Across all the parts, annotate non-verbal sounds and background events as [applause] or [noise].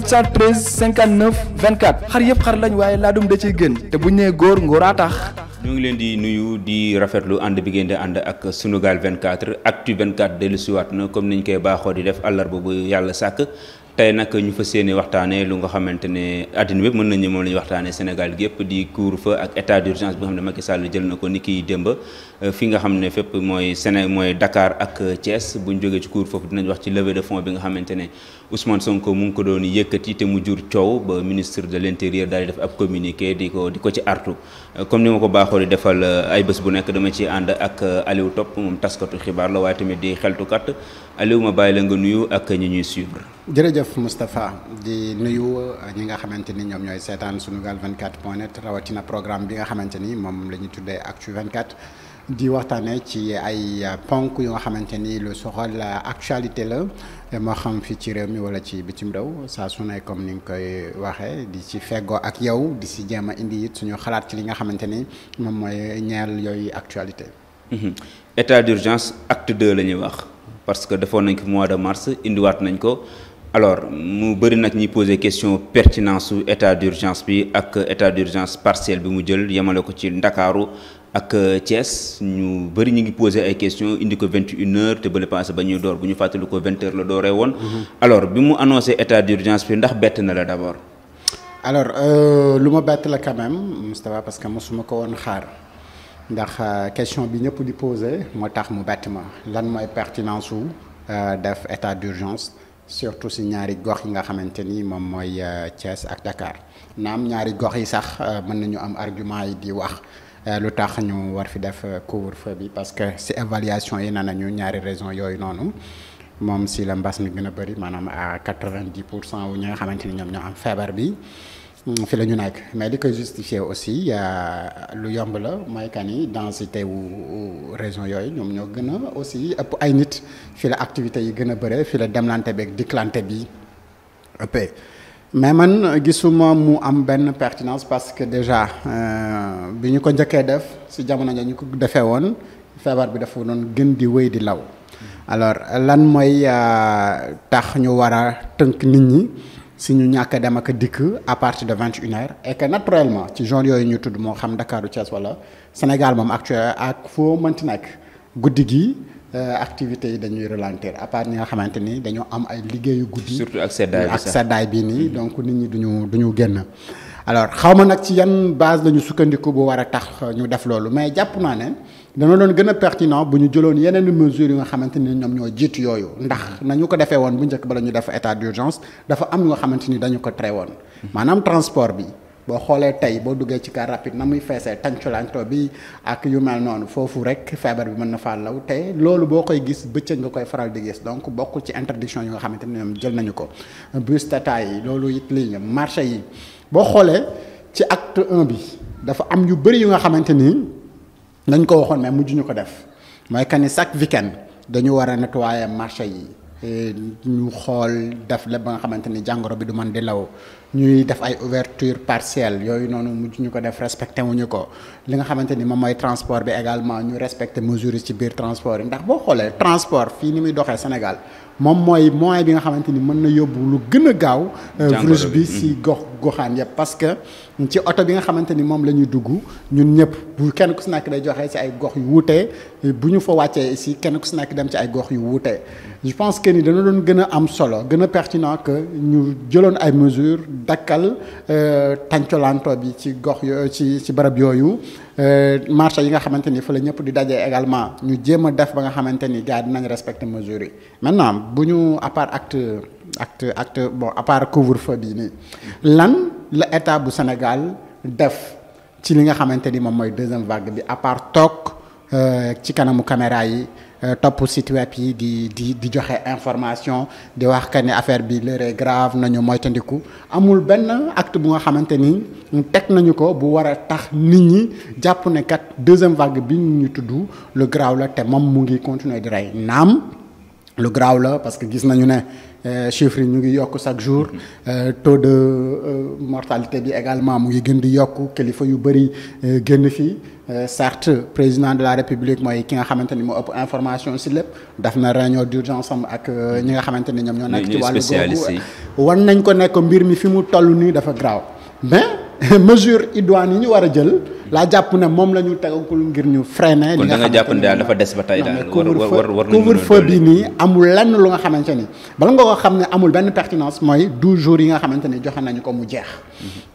413 59 24 xar yëpp xar lañ waaye laadum da ciy gën te bu ñu nee góor ngóoraa tax. ñu ngi leen di nuyu di rafetlu ànd bi ngeen di ànd ak Sunugal 24 Actu 24 dellusiwaat na comme niñ koy baaxoo di def àllarba bu yàlla sàkk. tey nag ñu fa yéene waxtaanee lu nga xamante ne àddina bépp mën nañu moom la waxtaanee Sénégal gépp di kuur feu ak état d'urgence bi nga xam ne Macky jël na ko ni kiy fi nga xam ne fépp mooy Séné mooy Dakar ak cees bu ñu jógee ci couvre foofu dinañu wax ci leve de fonds bi nga xamante ne Ousmane Sonko mu ngi ko doon yëkkati te mu jur coow ba ministre de l'intérieur daal di def ab communiqué di ko di ci artu comme ni ma ko baaxoo di defal ay bés bu nekk dama ci ànd ak Aliou Top moom taskatu xibaar la waaye tamit di xeltukat Aliou ma bàyyi la nga nuyu ak ñi ñuy suivre. jërëjëf Moustapha di nuyu ñi nga xamante ni ñoom ñooy seetaan Sunugal 24 point net rawatina programme bi nga xamante ni moom la ñu tuddee Actu 24. di waxtaanee ci ay ponk yu nga xamante ni lu soxal actualité la moo xam fii ci réew mi wala ci bitim réew saa su ne comme ni nga koy waxee di ci feggoo ak yow di si jéem a indi it suñu xalaat ci li nga xamante ni moom mooy ñeel yooyu actualité. Mhm. état d'urgence acte la ñuy wax. parce que defoon nañ ko mois de mars indiwaat nañ ko alors mu bëri nag ñi poser question pertinance su état d'urgence bi ak état d'urgence partielle bi mu jël yemale ko ci Ndakaaru ak Thiès ñu bëri ñu ngi poser ay questions indi ko vingt une heures te ba le ba ñuy door bu ñu fàttali ko vingt heures la dooree woon. Mm-hmm. alors bi mu annoncé état d'urgence bi ndax bett na la d'abord. alors euh, lu ma bett la quand même Moustapha parce que mosuma ko woon xaar. ndax euh, question bi ñëpp di posé moo tax mu bett ma lan mooy pertinence su euh, def état d'urgence surtout si ñaari gox yi nga xamante nii moom mooy euh, Thiès ak Dakar naam ñaari gox yi sax mën nañu am argument yi di wax lu tax ñu war fi def couvre-feu bi parce que si évaluation yi na nañu ñaari raison yooyu noonu moom si la mbas mi gën a bëri maanaam à quatre-vingt-dix pour cent wu ñi nga xamante ni ñoom ñoo am feebar bi Hmm, fi la ñu nekk mais di koy justifier aussi lu yomb la mooy kan yi densité wu région yooyu ñoom ñoo gën a aussi ëpp ay nit fi la activité yi gën a bëre fi la demlante beeg diklante bi ëppee mais man gisuma mu am benn pertinance parce que déjà euh, bi ñu ko njëkkee def si jamono ña ñu ko defee woon feebar bi dafa doon gën di wéy di law alors lan mooy euh, tax ñu war a tënk nit ñi si ñu ñàkk dem ak dikk à partir de vingt et une heures et que naturellement ci genre yooyu ñu tudd moo xam Dakar Thiès wala Sénégal moom actuel ak foo mënti nag guddi gi euh, activités yi dañuy ralentir à part nga xamante ni dañoo am ay liggéeyu guddi. surtout ak seddaay bi seddaay bi nii mm-hmm. donc nit ñi duñu duñu génn. alors xaw ma nag ci yan base la ñu sukkandiku bu war a tax ñu def loolu mais jàpp naa ne. dana doon gën a pertinent bu ñu jëloon yeneen mesures yi nga xamante ni ñoom ñoo jiitu yooyu ndax nañu ko defee woon bu njëkk bala ñu def état d'urgence dafa am ñu nga xamante ni dañu ko tere woon maanaam transport bi boo xoolee boo duggee ci car na muy feesee tànculanto bi ak yu noonu foofu rek feebar bi mën na faa law te loolu boo koy gis bëccëg nga koy faral di gis donc bokkul ci interdiction yi nga xamante ni ñoom jël nañu ko bus tata yi loolu it lii marché yi boo xoolee ci acte 1 bi dafa am yu bëri yu nga xamante ni nañ ko waxoon mais mujj ñu ko def mooy que ni chaque weekend dañu war a nettoyer marché yi ñu xool def la ba nga xamante ni jàngoro bi du man di law ñuy def ay ouverture partielle yooyu noonu mujj ko def respecté ñu ko li nga xamante ni moom mooy transport bi également ñu respecté mesures yi ci biir transport yi ndax boo xoolee transport fii ni muy doxee Sénégal moom mooy moyen bi nga xamante ni mën na yóbbu lu gën a gaaw euh, virus bi mm-hmm. si gox goxaan yëpp parce que ci oto bi nga xamante ni moom la ñuy dugg ñun ñëpp bu kenn ku si nekk day joxe si ay gox yu wuute bu ñu fa wàccee si kenn ku si nekk dem ci ay gox yu wuute je pense que ni dana doon gën a am solo gën a pertinent que ñu jëloon ay mesures dakkal euh, tàncolanto bi ci gox yo ci ci barab yooyu euh, marché yi nga xamante ni fa la ñëpp di dajee également ñu jéem a def ba nga xamante ni gars dinañ respecter mesures yi maintenant bu ñu à part acte acte acte bon à part couvre-feu bii nii lan la état bu Sénégal def ci li nga xamante ni moom mooy deuxième vague bi à part toog euh, ci kanamu caméra yi Euh, topp site web yi di di di joxe information di wax que ne affaire bi lëree grave nañu moytandiku amul benn act bu nga xamante ni teg nañu ko bu war a tax nit ñi jàpp ne kat deuxième vague bi ñu tudd lu grave la te moom mu ngi continuer di rey naam lu grave la parce que gis nañu ne. Euh, chiffres yi ñu ngi yokk chaque jour mm-hmm. euh, taux de euh, mortalité bi également mu ngi gën di yokk kilifa yu bëri génn fii sarte président de la république mooy ki nga xamante ni moo ëpp information si lépp daf na réunion d'urgence am ak mm-hmm. ñi nga xamante ni ñoom ñoo nekk ci wàllu googu wan nañ ko nekk mbir mi fi mu toll nii dafa graaw mais [laughs] mesure idoine yi ñu war a jël laa jàpp ne moom la ñu tegakul ngir ñu freiner li nga xam jàpp ne daal dafa des ba tey daal couvre-feu bi nii amul lenn lu nga xamante ni bala nga ko xam ne amul benn pertinence mooy douze jours yi nga xamante ni joxe nañu ko mu jeex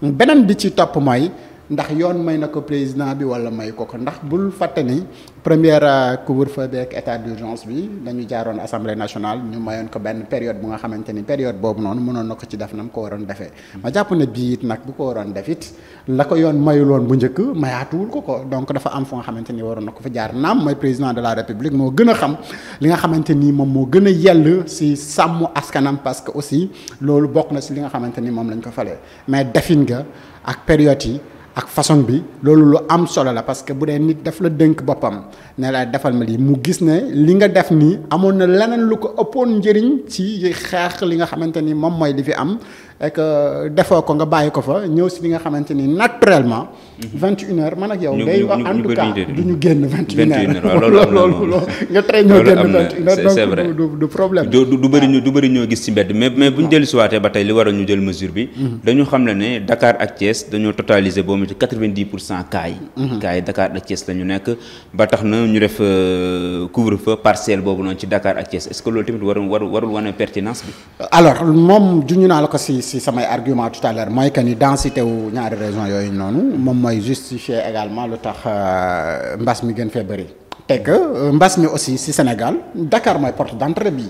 mhm. beneen bi ci topp mooy ndax yoon may na ko président bi wala may ko ko ndax bul fàtte ni première euh, couvre-feu beeg état d'urgence bi dañu jaaroon assemblée nationale ñu mayoon ko benn période bu nga xamante ni période boobu noonu mënoon na ko ci def na mu ko waroon defee. ma jàpp ne bii it nag bu ko waroon defit it la ko yoon mayuloon bu njëkk mayaatuwul ko ko donc dafa am fu nga xamante ni waroon na ko fa jaar naam mooy président de la république moo gën a xam li nga xamante ni moom moo gën a yell si sàmm askanam parce que aussi loolu bokk na si li nga xamante ni moom lañ ko falee mais defin nga ak période yi. ak façon bi loolu lu am solo la parce que bu dee nit daf la dënk boppam ne la defal ma lii mu gis ne li nga def nii amoon na leneen lu ko ëppoon njëriñ ci xeex li nga xamante ni moom mooy li fi am et que defoo ko nga bàyyi ko fa ñëw si li nga xamante ni naturellement. 21h mhm. man ak yow. day wax en tout cas du ñu génn 21h. loolu nga tey ñoo génn 21h donc du problème. du du bëri ñu ah. du bëri ñoo gis ci mbedd mais mais bu ñu ah. dellu si waatee ba tey li waral ñu jël mesure bi. Mhm. dañu xam la ne Dakar ak Thiès dañoo totaliser boo mu ci 90 pour cent cas yi. Mhm. cas yi Dakar ak Thiès la ñu nekk ba tax na ñu def euh, couvre-feu partiel boobu noonu ci Dakar ak Thiès est-ce que loolu tamit warul warul wane pertinence bi. alors moom juñu naa la ko si. si samay argument tout à mooy que ni densité wu ñaari région yooyu noonu moom mooy justifier également lu tax euh, mbas mi gën fee bëri te que euh, mbas mi aussi si Sénégal Dakar mooy porte d'entrée bi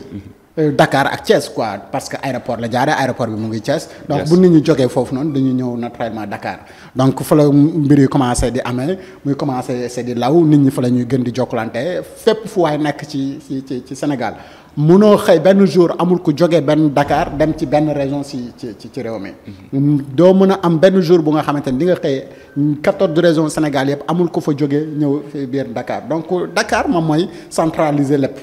euh, dakaar ak Thiès quoi parce que aéroport la jaaree aéroport bi mu ngi Thiès. donc bu nit ñi jógee foofu noonu dañuy ñëw naturellement Dakar. donc fa la mbir yi commencé di amee muy commencé se di law nit ñi fa la ñuy gën di jokkalante fépp fu waay nekk ci ci ci Sénégal munoo xëy benn jour amul ku jóge benn dakaar dem ci benn région si ci ci réew mi. doo mën a am benn jour bu nga xamante ni di nga xëyee quatorze régions Sénégal yëpp amul ku fa jóge ñëw biir Dakar donc dakaar moom mooy centraliser lépp.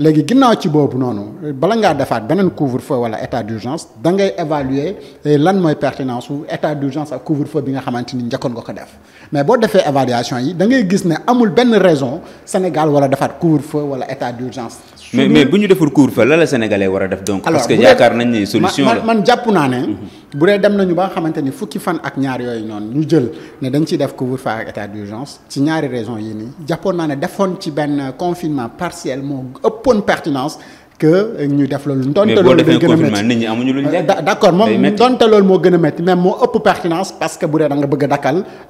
léegi ginnaaw ci boobu noonu bala ngaa defaat beneen couvre-feu wala état d'urgence da ngay évaluer eh, lan mooy pertinence su état d'urgence ak couvre-feu bi nga xamante ni njëkkoon nga ko def mais boo defee évaluation yi da ngay gis ne amul benn raison Sénégal wala defaat couvre-feu wala état d'urgence. mais mais bu ñu deful couvre-feu la la war a def donc. parce que yaakaar nañ ni solution la man jàpp naa ne. Mhm. bu dee dem nañu ba nga xamante ni fukki fan ak ñaar yooyu noonu ñu jël ne dañ ciy def couvre-feu ak état d'urgence ci ñaari raison yi nii jàppoon naa ne defoon ci benn confinement partiel moo ëppoon pertinence que ñu def loolu ndonte loolu day gën a nit ñi amuñu luñ lekk d'accord moom ndonte loolu moo gën a métti moo ëpp pertinence parce bu dee da nga bëgg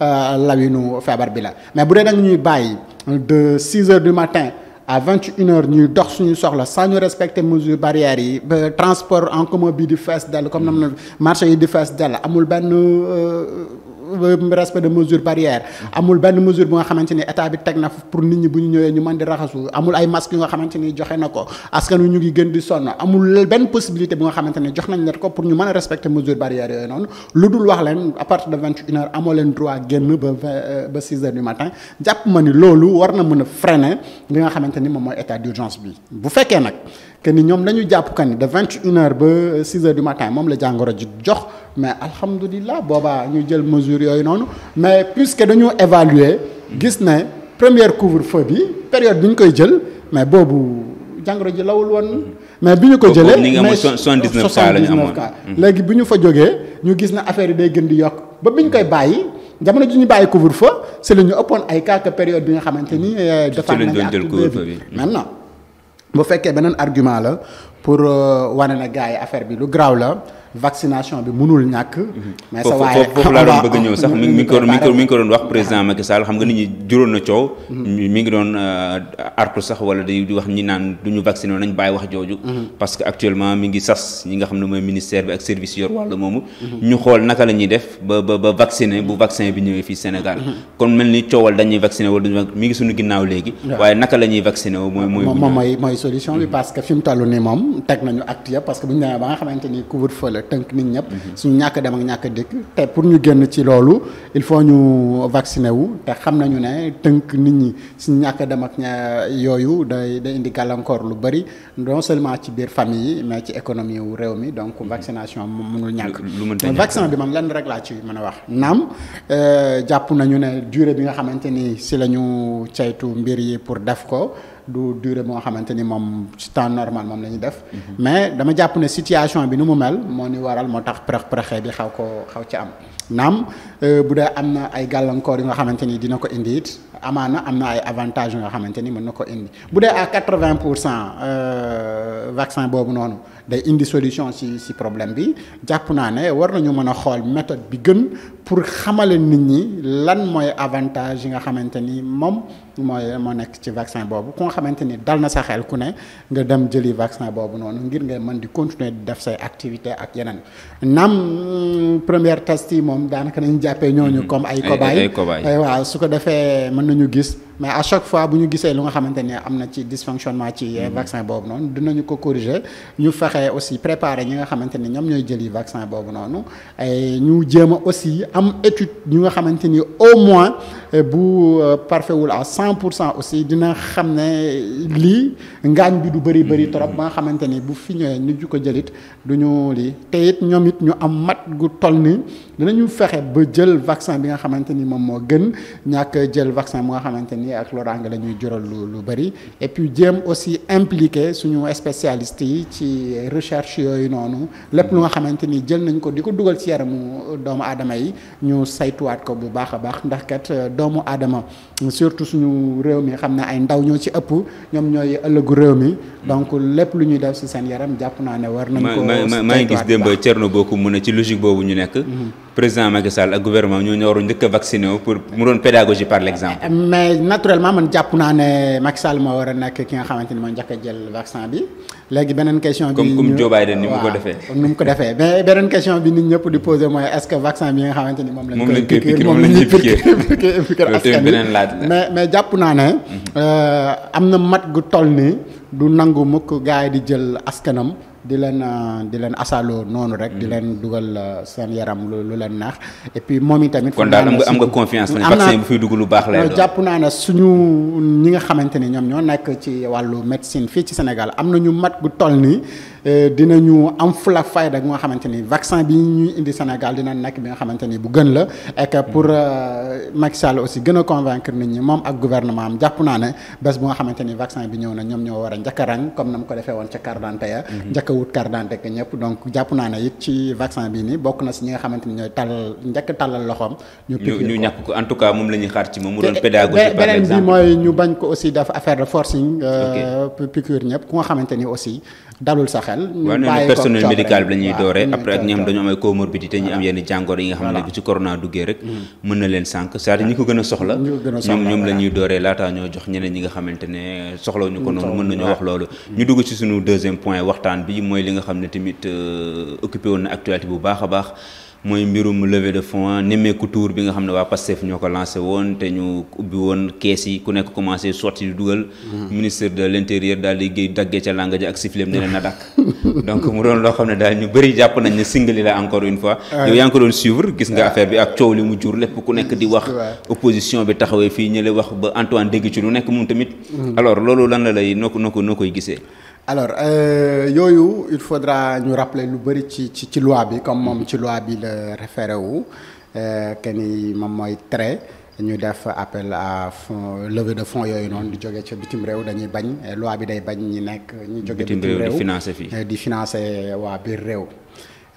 euh, lawinu feebar bi la mais bu dee da ñuy bàyyi de 6 du matin à 21 suñu soxla saa ñu respecter mesure barrières yi transport en commun bi di fees dell comme nam na marché yi di fees dell amul benn euh, Euh, respect de mesures barrières amul benn mesure bu nga xamante état bi teg na pour nit ñi bu ñu ñëwee ñu mën di raxasu amul ay masques yu nga xamante ni joxe na ko askan wi ñu ngi gën di sonn amul benn possibilité bu nga xamante ni jox nañ leen ko pour ñu mën a respecter mesures barrières yooyu noonu lu dul wax leen à partir de vingt une heures amoo leen droit génn ba euh, ba six heures du matin jàpp ma ni loolu war na mën a freiner li nga xamante ni moom mooy état d'urgence bi bu fekkee nag que ni ñoom dañu jàpp que ni de vingt une heure ba six du matin moom la jàngoro ji jox mais alhamdulilah boobaa ñu jël mesure yooyu noonu mais que dañu évaluer gis ne première couvre-feu bi période bi ñu koy jël mais boobu jàngoro ji lawul woon mais bi ñu ko jëlee mais 79 cas la ñu amoon mm. léegi bi ñu fa jógee ñu gis ne affaire yi day gën di yokk ba bi ñu koy bàyyi jamono ji ñu bàyyi couvre-feu c'est la ñu ëppoon ay cas que période bi nga xamante ni. Euh, defar nañu acte bi mm. maintenant bu fekkee beneen argument la pour euh, wane na gars yi affaire bi lu garaaw la vaccination bi mënul ñàkk. mais foofu laa doon bëgg ñëw sax [laughs] mi ngi ko [laughs] doon wax président Macky Sall xam nga nit ñi juróon na coow. Mm-hmm. mi ngi doon euh, artu sax wala di wax ñi naan du ñu vacciné nañ bàyyi wax jooju. Mm-hmm. mi ngi sas ñi nga xam mooy ministère bi ak mm-hmm. naka la ñuy def ba ba ba vacciné bu vaccin bi ñëwee fii Sénégal. kon mel ni coowal dañuy vacciné wala duñu mi ngi suñu ginnaaw léegi. waaye naka la ñuy vacciné woo mooy. mooy mooy solution bi parce que fi mu toll nii moom teg nañu acte ya parce que bu ñu demee ba nga xamante la tënk nit ñëpp. suñu ñàkk dem ñàkk dikk te pour ñu génn ci loolu il faut ñu vacciner wu te xam nañu ne tënk nit ñi suñu ñàkk dem ña yooyu day da indi gàllankoor lu bëri non seulement ci biir famille yi mais ci économie wu réew mi donc vaccination moom mënul ñàkk. vaccin bi man lenn rek laa ci mën a wax naam euh, jàpp nañu ne durée bi nga xamante ni si lañu ñu caytu mbir yi pour def ko. du durée moo xamante ni moom ci temps normal moom la ñuy def. Mhm. mais dama jàpp ne situation bi nu mu mel moo ni waral moo tax prex prexe bi xaw ko xaw ci am. naam euh, bu dee am na ay gàllankoor yu nga xamante ni dina ko indi it amaana am na ay avantages yu nga xamante ni mën na ko indi bu dee à quatre-vingt pour cent euh, vaccin boobu noonu day indi solution si si problème bi jàpp naa ne war nañu mën a xool méthode bi gën pour xamale nit ñi lan mooy avantage yi nga xamante ni moom. mooy moo nekk ci vaccin boobu ku nga xamante ni dal na sa xel ku ne nga dem jëli vaccin boobu noonu ngir nga man di continuer di def say activité ak yeneen naam mm, première test yi moom daanaka nañu jàppee ñooñu mm-hmm. comme ay cobaye waaw su ko defee mën nañu gis mais à chaque fois bu ñu gisee lu nga xamante ni am na ci dysfonctionnement ci euh, mm-hmm. vaccin boobu noonu dinañu ko corriger ñu fexe aussi préparer ñi nga xamante ni ñoom ñooy jëli vaccin boobu noonu ñu jéem a aussi am étude ñu nga xamante ni au moins euh, bu euh, parfait wul à cent pour cent aussi dina xam ne lii ngaañ bi du bëri bëri mm-hmm. trop ba nga xamante ni bu fi ñëwee ñu ju ko jëlit du ñu lii te it ñoom it ñu am mat gu toll ni dinañu fexe ba jël vaccin bi nga xamante ni moom moo gën ñàkk jël vaccin bu nga xamante ni ak loraange la ñuy jural lu lu bëri et puis jéem aussi impliqué suñu spécialistes yi ci recherche yooyu noonu lépp lu nga xamante ni jël nañ ko di ko dugal ci yaramu doomu aadama yi ñu saytuwaat ko bu baax a baax ndax kat doomu aadama surtout suñu réew mi xam na ay ndaw ñoo ci ëpp ñoom ñooy ëllëgu réew mi donc lépp lu ñuy def ci seen yaram jàpp naa ne war nañ ko maa ngi gis démb Thierno Bocoum mu ne ci logique boobu ñu nekk mhm. président Macky Sall ak gouvernement ñoo ñoo waroon njëkk a vacciné wu pour mu doon pédagogie par l'exemple euh, euh, mais naturellement man jàpp naa ne Macky moo war a nekk ki nga xamante ni moo njëkk a jël vaccin bi léegi beneen question. bi comme ni mu ko defee ni mu ko defee mais beneen question bi nit ñëpp di posé mooy est-ce vaccin bi nga xamante ni moom. lañ koy piqué moom lañ ñuy piqué askan mais mais jàpp naa ne. Mhm. Euh, am na mat gu toll ni du nangu mukk gaa yi di jël askanam. di leen euh, di leen asaaloo noonu rek. di mm-hmm. leen dugal euh, seen yaram lu leen naax et puis moom tamit kon daal am nga am nga confiance. am vaccin bu fiy dugg lu baax lay jàpp naa ne suñu ñi nga xamante ni ñoom ñoo nekk ci wàllu médecine fii ci Sénégal am na ñu mat gu toll nii. Euh, dinañu am fula fayda nga xamante ni vaccin bi ñuy indi Sénégal dina nekk bi nga xamante ni bu gën la et que pour mm. euh, Macky Sall aussi gën a nit ñi moom ak gouvernement am jàpp naa ne bés bu nga xamante ni vaccin bi ñëw na ñoom ñoo war a njëkk a rang comme na woon ca carte d'identité ya mm-hmm. njëkk a wut carte bokk na si ñi nga xamante ni ñooy tàllal njëkk tàllal loxoom ñu tout cas moom la mooy ñu bañ ko aussi def affaire de forcing euh, piqûre ñëpp ku nga xamante aussi dalul sax xel. ñu bàyyi ko personnel médical bi la dooree après ak ñi xam dañu am ay comorbidité ñu am yenn jàngoro yi nga xam ne bu ci corona duggee rek. Mm. mën na leen sànq cest ñi ko gën a soxla. ñoom ñoom la ñuy dooree laataa ñoo jox ñeneen ñi nga xamante ne soxla ñu ko noonu mën nañoo wax loolu. Mm. ñu dugg ci suñu deuxième point waxtaan bi mooy li nga xam ne tamit euh, occupé woon na actualité bu baax a baax mooy mbirum levée de fonds ah, nemmeeku tour bi nga xam ne waa Pastef ñoo ko lancé woon te ñu ubbi woon kees yi ku nekk commencé sotti dugal. Mm-hmm. ministre de l' intérieur daal di géey daggee ca langa ja ak sifleem ne leen a dàkk. [laughs] donc mu doon loo xam ne daal ñu bëri jàpp nañ ne singali la encore une fois. yow yaa ngi ko doon suivre gis nga affaire bi ak coow li mu jur lépp ku nekk di wax. opposition bi taxawee fii ñële wax ba Antoine dégg ci lu nekk moom tamit. Mm-hmm. alors loolu lan la lay noo ko noo ko noo koy gisee. alors euh, yooyu il faudra ñu rappeler lu bëri ci ci ci loi bi comme moom ci loi bi la référé wu euh, que ni moom mooy trait ñu def appel à fonds levée de fonds yooyu noonu di jóge ca bitim réew dañuy bañ loi bi day bañ ñi nekk. ñu jóge bitim réew di financer fii euh, di financer waa biir réew.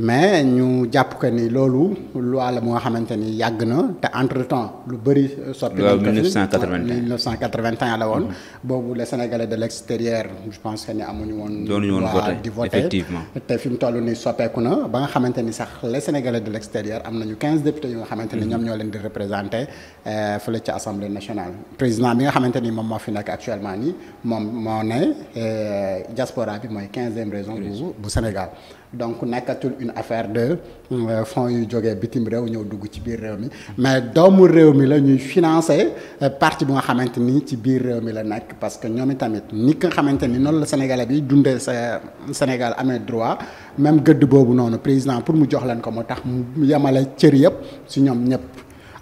mais ñu jàpp que ni loolu loi la moo xamante ni yàgg na te entre temps lu bëri. soppi nañ ko 1981 la woon. Mm-hmm. boobu les sénégalais de l' extérieur je pense que ni amuñu woon. doonuñu woon voté di voté te fi mu toll nii soppeeku na ba nga xamante ni sax les sénégalais de l' extérieur am nañu 15 députés yoo xamante ni mm-hmm. ñoom ñoo leen di représenté euh, fële ci assemblée nationale président bi nga xamante ni moom moo fi nekk actuellement nii moom moo ne euh, diaspora bi mooy 15e raison bu Sénégal. donc nekkatul une affaire de euh, fonds yu jógee bitim réew ñëw dugg ci biir réew mi mais doomu réew mi la ñuy financer euh, parti bu nga xamante ni ci biir réew mi la nekk parce que ñoom tamit ni nga xamante ni noonu la sénégalais bi dundee sa Sénégal amee droit même gëdd boobu noonu président pour mu jox leen ko moo tax mu yemale cër yëpp si ñoom ñëpp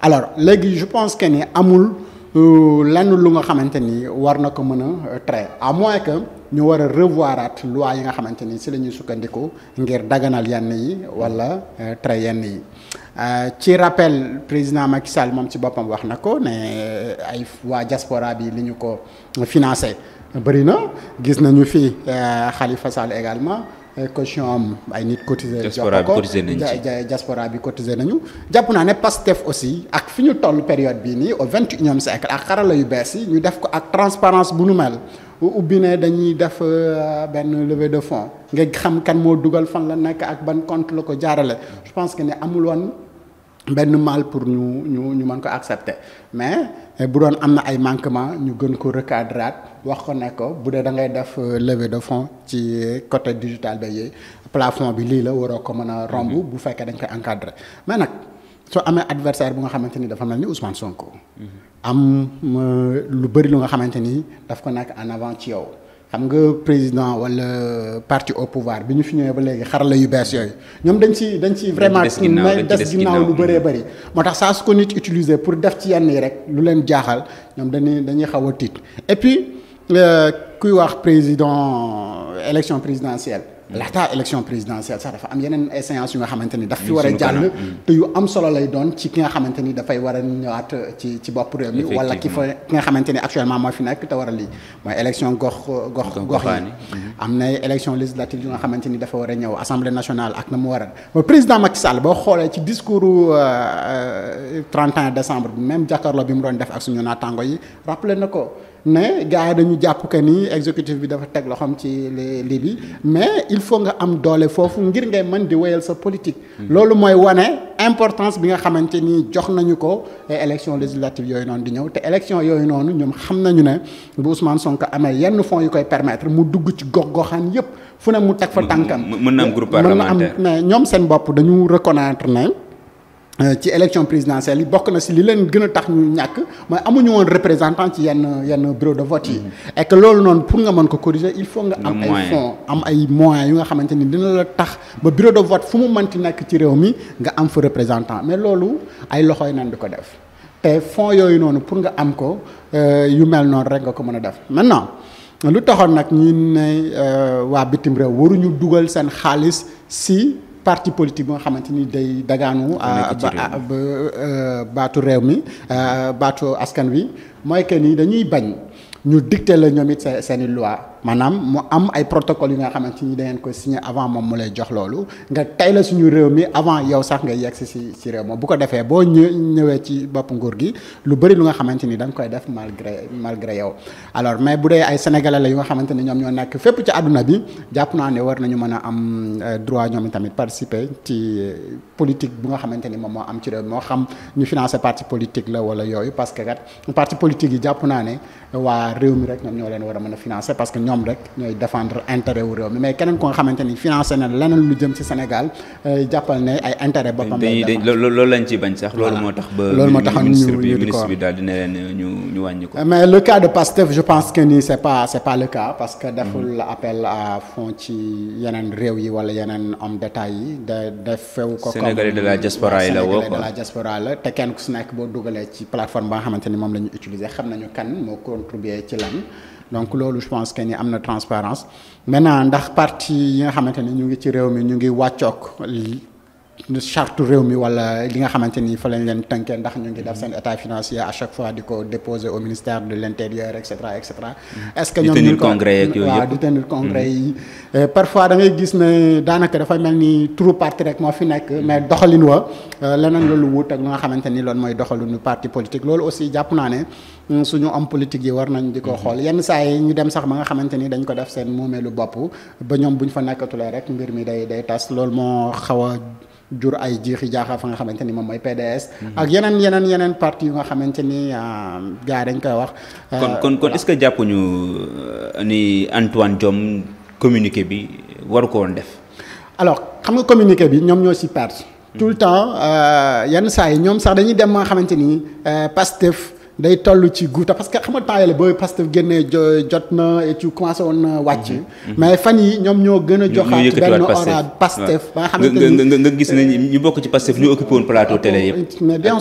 alors léegi je pense que ni amul. Euh, lenn lu nga xamante ni war na ko mën a euh, traiter à moins que ñu war a revoiraat loi yi nga xamante ni si lañuy sukkandiku ngir daganal yenn yi wala euh, traiter yenn yi ci rappel président Macky Sall moom ci boppam wax na ko ne ay waa diaspora yi li ñu ko financé bëri na gis nañu fi Khalifa Sall également caution am ay nit cotisé. diaspora bi cotisé nañu ci diaspora bi cotisé nañu. jàpp naa ne Pastef aussi ak fi ñu toll période bii nii au vingt et unième siècle ak xarala yu bees yi ñu def ko ak transparence bu nu mel ubbi ne dañuy def euh, benn levée de fonds nga xam kan moo dugal fan la nekk ak ban compte la ko jaarale je pense que ne amul benn mal pour ñu ñu ñu mën ko accepter mais eh, bu doon am na ay manquement ñu gën ko recadrer wax ko ne ko bu dee da ngay def euh, lever de fond ci côté digital ba yooyu plafond bi lii la waroo ko mën a romb mm-hmm. bu fekkee dañ koy encadre mais nag soo amee adversaire bu nga xamante ni dafa mel ni Ousmane Sonko. Mm-hmm. am euh, lu bëri lu nga xamante ni daf ko nekk en avant ci yow. xam nga président wala parti au pouvoir bi ñu fi ñëwee ba léegi xarala yu bees yooyu ñoom dañ ci dañ ci vraiment may des ginnaaw lu bëree bari moo tax saa su ko nit utiliser pour def ci yenn yi rek lu leen jaaxal ñoom dañuy dañuy xaw a tiit et puis euh, kuy wax président élection présidentielle laataa élection présidentielle sax dafa am yeneen ay séances yu nga xamante ni daf fi war a jàll te yu am solo lay doon ci ki nga xamante ni dafay war a ñëwaat ci ci bopp réew mi wala ki fa ki nga xamante ni actuellement mooy fi nekk te war a lii mooy élection gox gox gox yi mm-hmm. am na élection législative yu nga xamante ni dafa war a ñëw assemblée nationale ak na mu war a président Macky Sall boo xoolee ci discours 31 euh, euh, décembre bi même jàkkaarloo bi mu doon def ak su suñu naataango yi rappelé na ko ne gars yi dañu jàpp que ni exécutif bi dafa teg loxoom ci lii bi mais il faut nga am doole foofu ngir ngay mën di woyal sa politique. Hmm. loolu mooy wane importance bi nga xamante ni jox nañu ko élection législative yooyu noonu di ñëw te élection yooyu noonu ñoom xam nañu ne bu Ousmane Sonko amee yenn fonds yu koy permettre mu dugg ci gox-goxaan yëpp fu ne mu teg fa tànkam. mën na am groupe parlementaire mais ñoom seen bopp dañu reconnaître ne. Euh, ci élection présidentielle yi bokk na si li leen gën a tax ñu ñàkk mooy amuñu woon représentant ci yenn yenn bureau de vote yi. Mm-hmm. et que loolu noonu pour nga mën ko corriger il faut nga. am ay fonds am ay moyens yu nga xamante ni dina la tax ba bureau de vote fu mu mënti nekk ci réew mi nga am fa représentant mais loolu ay loxoy nan di ko def te fonds yooyu noonu pour nga am ko euh, yu mel noonu rek nga ko mën a def maintenant. lu taxoon nag ñi ne euh, waa bitim réew waruñu dugal seen xaalis si. parti politique nga xamante ni day dagaanu ah, euh, baatu réew mi euh, baatu askan wi mooy que ni dañuy bañ ñu dicté la ñoom it seeni loi maanaam mu am ay protocole yi nga xamante ni da ngeen ko signé avant moom mu lay jox loolu nga tey la suñu réew mi avant yow sax nga yegg si si si réew moom bu ko defee boo ñë ñëwee ci bopp nguur gi lu bëri lu nga xamante ni da koy def malgré malgré yow alors mais bu dee ay sénégalais la yu nga xamante ni ñoom ñoo nakk fépp ci àdduna bi jàpp naa ne war nañu mën a am euh, droit ñoom tamit participer ci euh, politique bu nga xamante ni moom moo am ci réew moo xam ñu financé parti politique la wala yooyu parce que kat parti politique yi jàpp naa ne waa réew mi rek ñoom leen war a mën a financer ñoom rek ñooy défendre intérêt wu mais keneen ko nga xamante ni financé na leneen lu jëm ci Sénégal euh, jàppal ne ay intérêt boppam loolu lañ ci bañ loolu moo tax ba loolu moo tax ministre bi ministre bi daal dina leen le cas de Pastef je pense que nii c'est pas c'est pas le cas parce que deful mm-hmm. appel à fond ci yeneen réew yi wala yeneen homme d'état yi da defewu ko Sénégalais de la diaspora yi la woo de la la te kenn ku si nekk boo dugalee ci plateforme ba nga xamante ni moom la ñu utiliser xam nañu kan moo contribuer ci lan donc loolu je pense que ni am na transparence maintenant ndax parti yi nga xamante ni ñu ngi ci réew mi ñu ngi wàccook charte réew mi wala li nga xamante ni fa lañ leen tënkee ndax ñu ngi def seen état financier à chaque fois di ko déposer au ministère de l' intérieur et cetera et cetera. est-ce que ñoom ñu ngi ko waaw di tenir congrès mm-hmm. yi euh, parfois da gis ne daanaka dafa mel ni turu parti rek moo fi nekk mm-hmm. mais doxalin wa euh, leneen la lu wut ak lu nga xamante ni loolu mooy doxalinu parti politique loolu aussi jàpp naa ne mm, suñu am politique yi war nañ di ko mm-hmm. xool yenn saa yi ñu dem sax ba nga xamante ni dañ ko def seen moomeelu bopp ba ñoom bu ñu fa nekkatulee rek mbir mi day day tas loolu moo xaw jur ay jiixi jaaxa fa nga xamante ni moom mooy PDS. ak yeneen yeneen yeneen parti yu nga xamante ni ah, gars dañ koy wax. kon euh, kon kon est-ce que jàppuñu euh, ni Antoine jom communiqué bi waru ko woon def. alors xam nga communiqué bi ñoom ñoo si perte. tout le temps euh, yenn saa yi ñoom sax dañuy dem nga xamante ni Pastef. day toll ci guuta parce que xam nga temps yële ba Pastef génnee jot na et tu woon na wàcc. Mhm. Mhm. mais fan yi ñoom ñoo gën a. joxaat benn ora Pastef ba nga xamante ni gis nañu ñu bokk ci Pastef ñu occupé woon plateau euh, télé yëpp. mais bien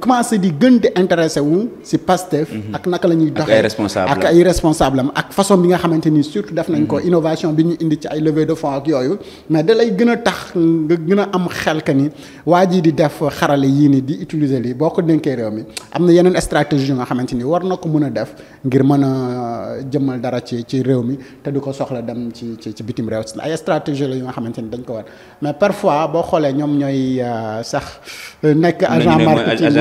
commencé di gën di intéressé wu si Pastef. Mhm. la ñuy doxee ak ay responsable ak façon bi nga xamante ni surtout def nañ ko innovation bi ñu indi ci ay levée de fonds ak yooyu mais da gën a tax nga gën a am xel ka ni waa ji di def xarale yii ni di utiliser lii dénkee réew mi am na yeneen stratégie yu nga xamante ni war na ko mën a def ngir mën a jëmmal dara ci ci réew mi te du ko soxla dem ci ci ci bitim réew ay stratégie la yu nga xamante ni dañ ko war mais parfois boo xoolee ñoom ñooy euh, sax euh, nekk agent marketing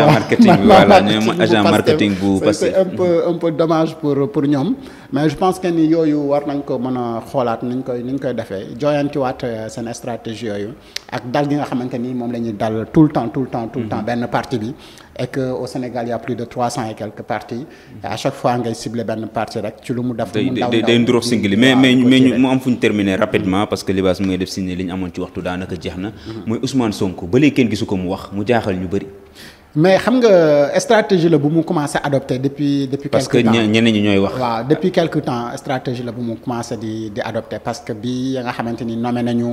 agent [laughs] marketing bu Pastef c'est peu un peu dommage pour ñoom mais je pense que ni yooyu war nañ ko mën a xoolaat niñ koy niñ koy defee jooyantiwaat euh, seen stratégie yooyu ak dal gi nga xamante ni moom la ñuy dal tout le temps tout le temps tout le temps mhm. benn parti bi et que au Sénégal il a plus de trois cent et quelques partis et à chaque fois ngay ciblé benn parti rek ci lu mu def. mu ndaw day day nduroog singli mais mais mu am fu ñu terminer rapidement mhm. parce que libaas mu def si ne li ñu amoon ci waxtu daanaka jeex na. Mhm. mooy Ousmane Sonko ba léegi kenn gisu ko mu wax mu jaaxal ñu bëri. mais xam nga stratégie la bu mu commencé adopter depuis depuis parce que ñenn ñi ñooy wax waaw depuis quelque temps stratégie la bu mu commencé di di adopté parce que bi nga xamante ni nommé nañu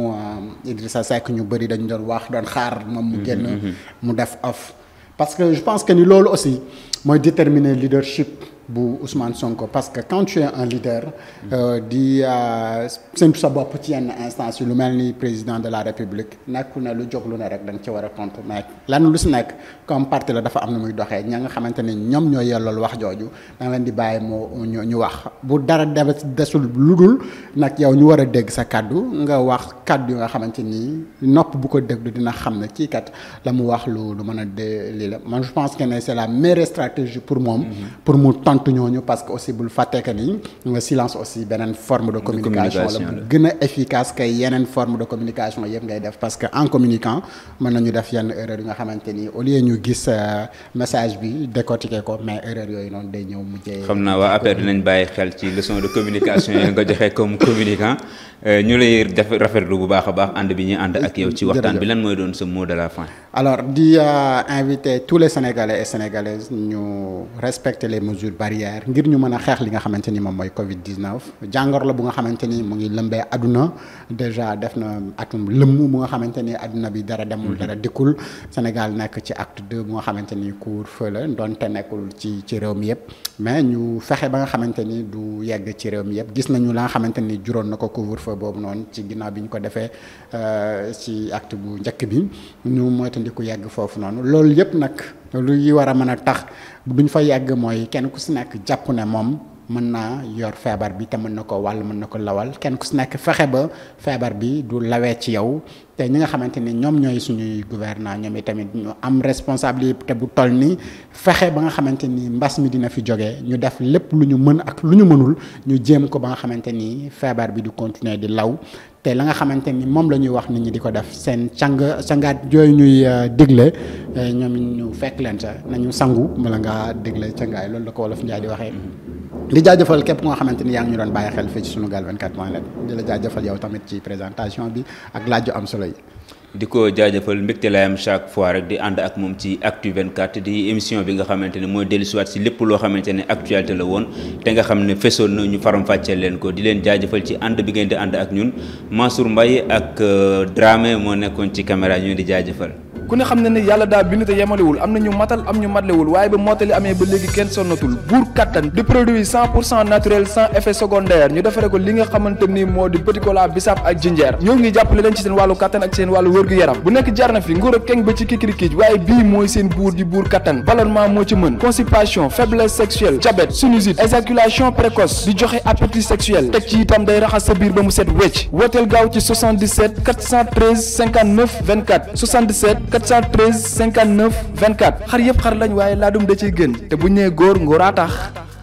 euh, Idrissa Seck ñu bëri dañu doon wax doon xaar moom mu mhm, génn mhm. mu def off parce que je pense que ni loolu aussi mooy déterminer leadership bu Ousmane Sonko parce que quand tu es un leader. Euh, di euh, séntu sa bopp ci yenn instance yi lu mel ni président de la république nekku na lu jóg lu ne rek da nga ci war a tontu mais lan lu si nekk comme parti la dafa am na muy doxee ña nga xamante ne ñoom ñoo yellool wax jooju da leen di bàyyi moo ñu ñu wax bu dara desul lu dul nag yow ñu war a dégg sa kaddu nga wax kàddu yi nga xamante nii nopp bu ko déglu dina xam ne kii kat la mu wax lu lu mën a de lii la man la meilleure pour moom mhm. waxantu ñooñu parce que aussi bul fàtte que ni euh, silence aussi beneen forme de communication la bu gën a efficace kay yeneen forme de communication yëpp ngay def parce que en communiquant mën nañu def yenn erreur yi nga xamante ni au lieu ñu gis euh, message bi décortiquer ko mais erreur yooyu noonu day ñëw mujjee xam naa waa APR dinañ bàyyi xel ci leçon de communication yi nga joxe comme communicant Euh, ñu lay def lu bu baax a baax ànd bi ñuy ànd ak yow. ci waxtaan bi lan mooy doon sa moo de la alors di euh, invité tous les sénégalais et sénégalaises ñu respecter les mesures barrières ngir ñu mën a xeex li nga xamante ni moom mooy Covid 19 jàngor la bu nga xamante ni mu ngi lëmbee aduna déjà def na atum lëmm bu nga xamante ni aduna bi dara demul mhm. dara dikkul Sénégal nekk ci acte deux bu nga xamante ni couvre-feu la doonte nekkul ci réew mi yëpp mais fexe ba nga xamante ni du yegg ci réew mi yëpp gis nañu la xamante ni juróon na ko couvre couvre boobu noonu ci ginnaaw bi ñu ko defee euh, ci act bu njëkk bi ñu moytandiku yàgg foofu noonu loolu yëpp nag lu yi war a mën a tax duñu fa yàgg mooy kenn ku si nekk jàpp ne moom. mën naa yor feebar bi te mën na ko wàll mën na ko lawal kenn ku si nekk fexe ba feebar bi du lawee ci yow te ñi nga xamante ni ñoom ñooy suñuy gouvernant ñoom itamit ñu am responsabilité bu toll ni fexe ba nga xamante ni mbas mi dina fi jógee ñu def lépp lu ñu mën ak lu ñu mënul ñu jéem ko ba nga xamante ni feebar bi du continuer di law te la nga xamante ni moom la ñuy wax nit ñi di ko def seen càng cangaat yooyu ñuy euh, dégle euh, ñoom ñu fekk leen sa nañu sangu mala ngaa digle cangaay loolu la ko wolof Njaay di waxee mm-hmm. di jaajëfal képp nga xamante ni yaa ngi ñu doon bàyyi xel fii ci Sunugal 24 point net di la jaajafal yow tamit ci présentation bi ak laaj yu am solo yi di ko jaajëfal mbégte layam chaque fois rek di ànd ak moom ci actu 24 di émission bi nga xamante ne mooy dellusiwaat si lépp loo xamante ko di leen jaajëfal ci ànd bi ngeen di ànd ak ñun Mansour Mbaye ak euh, Dramé moo nekkoon ci caméra ñu di jaajëfal. ku ne xam ne ne yàlla daa bind te yemalewul am na ñu matal am ñu matlewul waaye ba mottali amee ba léegi kenn sonnatul buur kattan di produit cent pour cent naturel sans effet secondaire ñu defare wér-gu-yaram bu nekk jarna fi nguur ak keng ba ci kikirikiij waaye bii mooy seen buur di buur kattan ballonnement moo ci mën constipation faiblesse sexuelle diabète sinusite éjaculation précoce di joxe appétit sexuel teg ci itam day raxas sa biir ba mu set wecc wooteel gaaw ci 77 413 59 24 77 413 59 24 xar yëpp xar lañ waaye laa dum da ciy gën te bu ñu góor ngóoraa